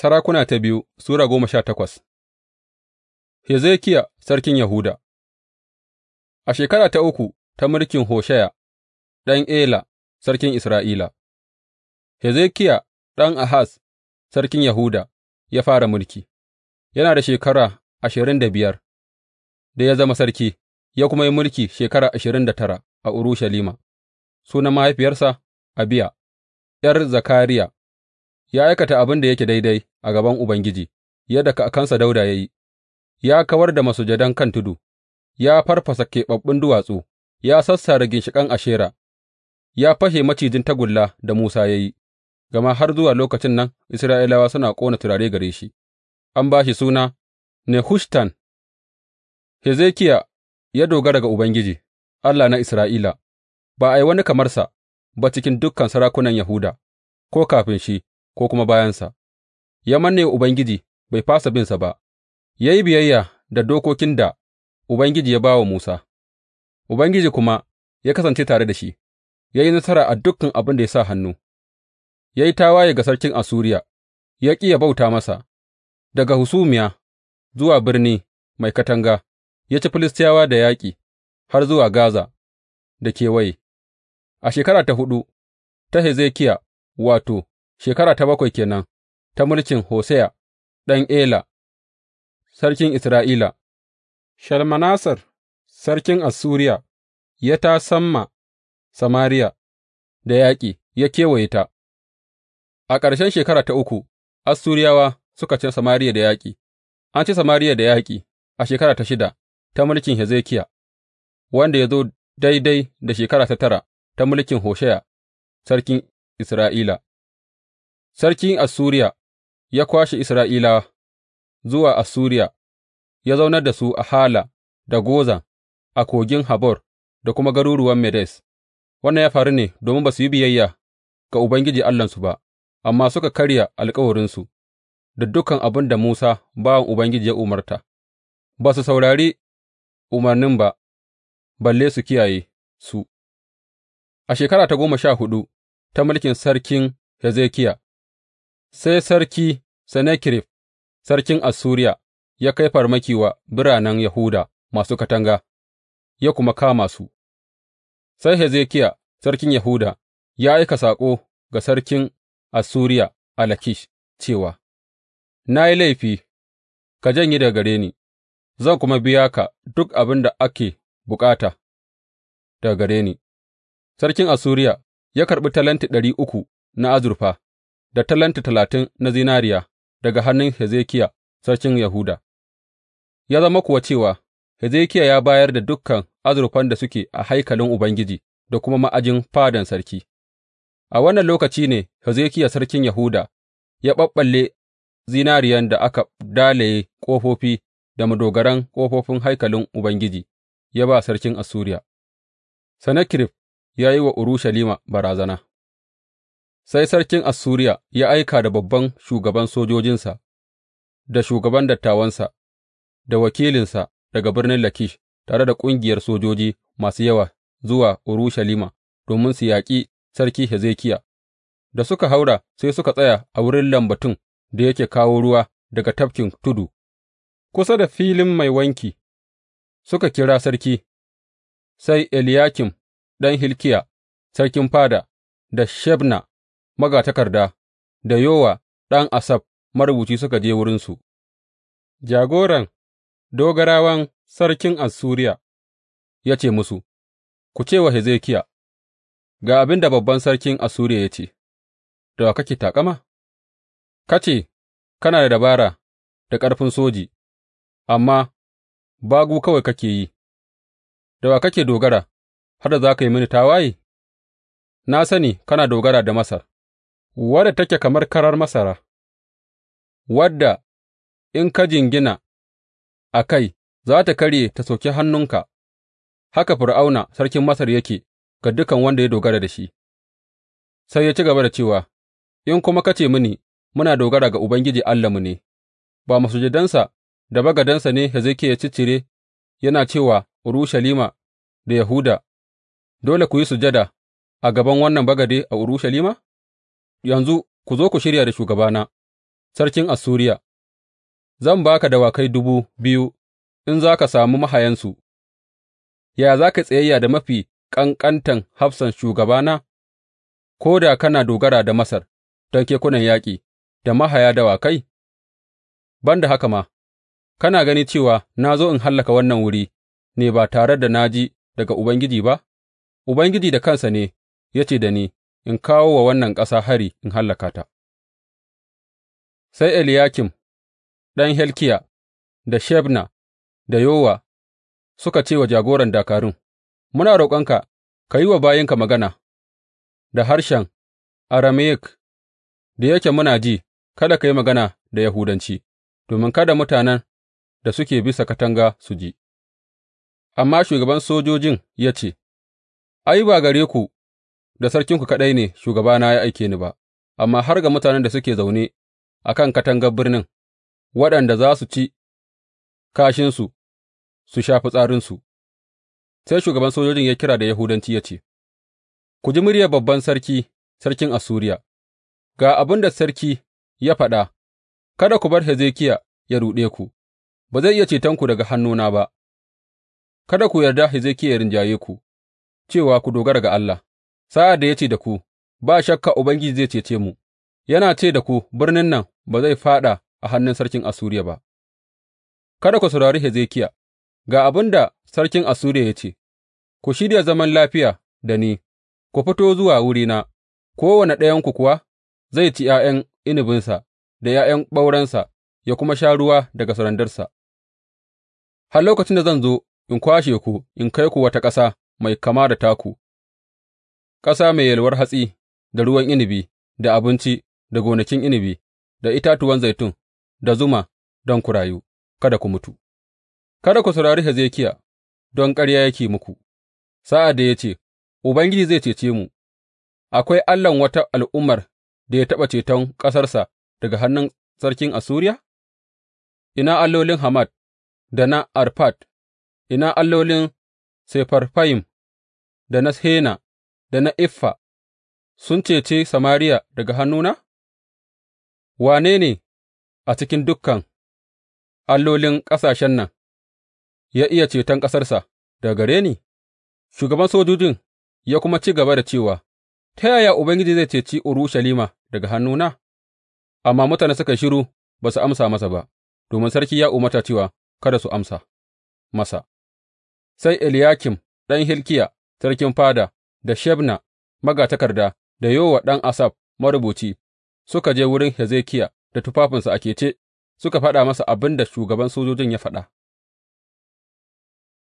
Sarakuna ta biyu Sura goma sha takwas Hezekiya sarkin Yahuda A shekara ta uku ta mulkin Hosheya ɗan Ela sarkin Isra'ila, Hezekiya ɗan Ahaz sarkin Yahuda ya fara mulki, yana da shekara ashirin da biyar da ya zama sarki, ya kuma yi mulki shekara ashirin da tara a Urushalima, sunan mahaifiyarsa Abiya, ’yar Zakariya. ya aikata abin da yake daidai. a gaban Ubangiji, yadda kakansa Dawuda ya yi, ya kawar da masujadan kan tudu, ya farfasa keɓaɓɓun duwatsu, ya sassare ginshiƙan Ashera, ya fashe macijin tagulla da Musa ya yi, gama har zuwa lokacin nan Isra'ilawa suna ƙona turare gare shi, an ba shi suna Nehushtan. Hezekiya ya dogara ga Ubangiji, Allah na Isra'ila, ba a yi wani kamarsa ba cikin dukan sarakunan Yahuda, ko kafin shi, ko kuma bayansa. ya manne wa Ubangiji bai fasa binsa ba, ya yi biyayya da dokokin da Ubangiji ya ba wa Musa, Ubangiji kuma ya kasance tare da shi, ya yi nasara a dukkan abin da ya sa hannu, ya yi tawaye ga sarkin Assuriya, ya ƙi ya bauta masa, daga husumiya zuwa birni mai katanga, ya ci Filistiyawa da yaƙi har zuwa Gaza da kewaye. A shekara ta huɗu ta Hezekiya, wato, shekara ta bakwai kenan ta mulkin Hosheya ɗan Ela, sarkin Isra'ila, Shalmanasar, sarkin Assuriya ya ta samma Samariya da yaƙi, ya kewaye ta. A ƙarshen shekara ta uku, Assuriyawa suka ci Samariya da yaƙi, an ci Samariya da yaƙi a shekara ta shida ta mulkin Hezekiya, wanda ya zo daidai da shekara ta tara ta mulkin Hosheya sarkin Isra'ila. Sarkin Assuriya ya kwashe Isra'ilawa zuwa Assuriya, ya zaunar da su a Hala da Gozan, a Kogin Habor da kuma garuruwan Medes, wannan ya faru ne domin ba su yi biyayya ga Ubangiji Allahnsu ba, amma suka karya alkawarinsu da dukan abin da Musa bawan Ubangiji ya umarta, ba su saurari umarnin ba, balle su kiyaye su. A shekara ta goma sha hudu ta mulkin Sarkin Hezekiya. sai Sarki Sennakerib sarkin Assuriya ya kai farmaki wa biranen Yahuda masu katanga, ya kuma kama su, sai Hezekiya sarkin Yahuda ya aika saƙo ga sarkin Assuriya a Lakish cewa, Na yi laifi, ka janye daga gare ni, zan kuma biya ka duk abin da ake bukata daga gare ni. Sarkin Assuriya ya karɓi talenti ɗari uku na azurfa. da talenti talatin na zinariya daga hannun Hezekiya sarkin Yahuda, ya zama kuwa cewa Hezekiya ya bayar da dukan azurfan da suke a haikalin Ubangiji da kuma ma'ajin fadan sarki. A wannan lokaci ne Hezekiya sarkin Yahuda ya ɓaɓɓalle zinariyan da aka dalaye ƙofofi da madogaran ƙofofin haikalin Ubangiji ya ba sarkin Assuriya, Sennakerib ya yi wa Urushalima barazana. Sai sarkin Assuriya ya aika da babban shugaban sojojinsa, da shugaban dattawansa, da wakilinsa daga birnin Lakish tare da ƙungiyar sojoji masu yawa zuwa Urushalima domin su yaƙi sarki Hezekiya. Da suka haura sai suka tsaya a wurin lambatun da yake kawo ruwa daga tafkin tudu, kusa da filin mai wanki, suka kira sarki, sai Eliyakim ɗan Hilkiya, sarkin fada, da Shebna magatakarda, da Yowa ɗan Asaf marubuci suka je wurinsu, jagoran dogarawan sarkin Assuriya ya ce musu, Ku ce wa Hezekiya, Ga abin da babban sarkin Assuriya ya ce, Da wa kake taƙama? Ka ce, Kana da dabara da ƙarfin soji, amma bagu kawai kake yi, da wa kake dogara har da za ka yi mini tawaye? Na sani kana dogara da Masar. wadda take kamar karar masara, wadda in ka jingina a kai za ta karye ta soki hannunka, haka Fir'auna sarkin Masar yake ga dukan wanda ya dogara da shi. Sai ya ci gaba da cewa, In kuma ka ce mini, Muna dogara ga Ubangiji Allahnmu ne, ba masujadansa da bagadansa ne Hezekiya ya ciccire yana cewa Urushalima da Yahuda, Dole ku yi sujada a gaban wannan bagade a Urushalima? Yanzu ku zo ku shirya da shugabana, sarkin Assuriya, zan ba ka dawakai dubu biyu in za ka sami mahayansu, yaya za ka tsayayya da mafi ƙanƙantan hafsan shugabana, ko da kana dogara da Masar don kekunan yaƙi da mahaya dawakai? Ban da haka ma, kana gani cewa na zo in hallaka wannan wuri ne ba tare da na ji daga Ubangiji ba? Ubangiji da kansa ne ya ce da ni. in kawo wa wannan ƙasa hari in hallaka ta. Sai Eliyakim ɗan Helkiya da Shebna da Yowa suka ce wa jagoran dakarun, Muna roƙonka ka yi wa bayinka magana da harshen Arameyik, da yake muna ji, kada ka yi magana da Yahudanci, domin kada mutanen da suke bisa katanga su ji. Amma shugaban sojojin ya ce, Ai, ba gare ku da sarkinku kaɗai ne shugabana ya aike ni ba, amma har ga mutanen da suke zaune a kan katangar birnin, waɗanda za su ci kashinsu su sha fitsarinsu. Sai shugaban sojojin ya kira da Yahudanci ya ce, Ku ji muryar babban sarki, sarkin Assuriya, ga abin da sarki ya faɗa, kada ku bar Hezekiya ya ruɗe ku, ba zai iya cetonku daga hannuna ba, kada ku yarda Hezekiya ya rinjaye ku, cewa ku dogara ga Allah. sa'ad da ya ce da ku, Ba shakka Ubangiji zai cece mu, yana ce da ku, Birnin nan ba zai fāɗa a hannun sarkin Assuriya ba, kada ku saurari Hezekiya, ga abin da sarkin Assuriya ya ce, Ku shirya zaman lafiya da ni, ku fito zuwa wurina, kowane ɗayanku kuwa zai ci ’ya'yan inibinsa da ’ya'yan ɓaurensa ya kuma sha ruwa daga sarandarsa, har lokacin da zan zo in kwashe ku in kai ku wata ƙasa mai kama da taku. ƙasa mai yalwar hatsi, da ruwan inabi, da abinci, da gonakin inabi, da itatuwan zaitun, da zuma don ku rayu, kada ku mutu. Kada ku saurari Hezekiya, don ƙarya yake muku, sa'ad da ya ce, Ubangiji zai cece mu, akwai Allahn wata al'ummar da ya taɓa ceton ƙasarsa daga hannun sarkin Assuriya? Ina allolin Hamad da na Arfad, ina allolin Sefarfayim da na Hena, da na Iffa sun cece Samariya daga hannuna? Wane ne a cikin dukan allolin ƙasashen nan ya iya ceton ƙasarsa daga gare ni? Shugaban sojojin ya kuma ci gaba da cewa, Ta yaya Ubangiji zai ceci Urushalima daga hannuna? Amma mutane suka shiru ba su amsa masa ba, domin sarki ya umarta cewa kada su amsa masa. Sai Eliyakim ɗan Hilkiya sarkin fada da Shebna magatakarda da Yowa ɗan Asaf marubuci suka je wurin Hezekiya da tufafinsu a kece, suka faɗa masa abin da shugaban sojojin ya faɗa.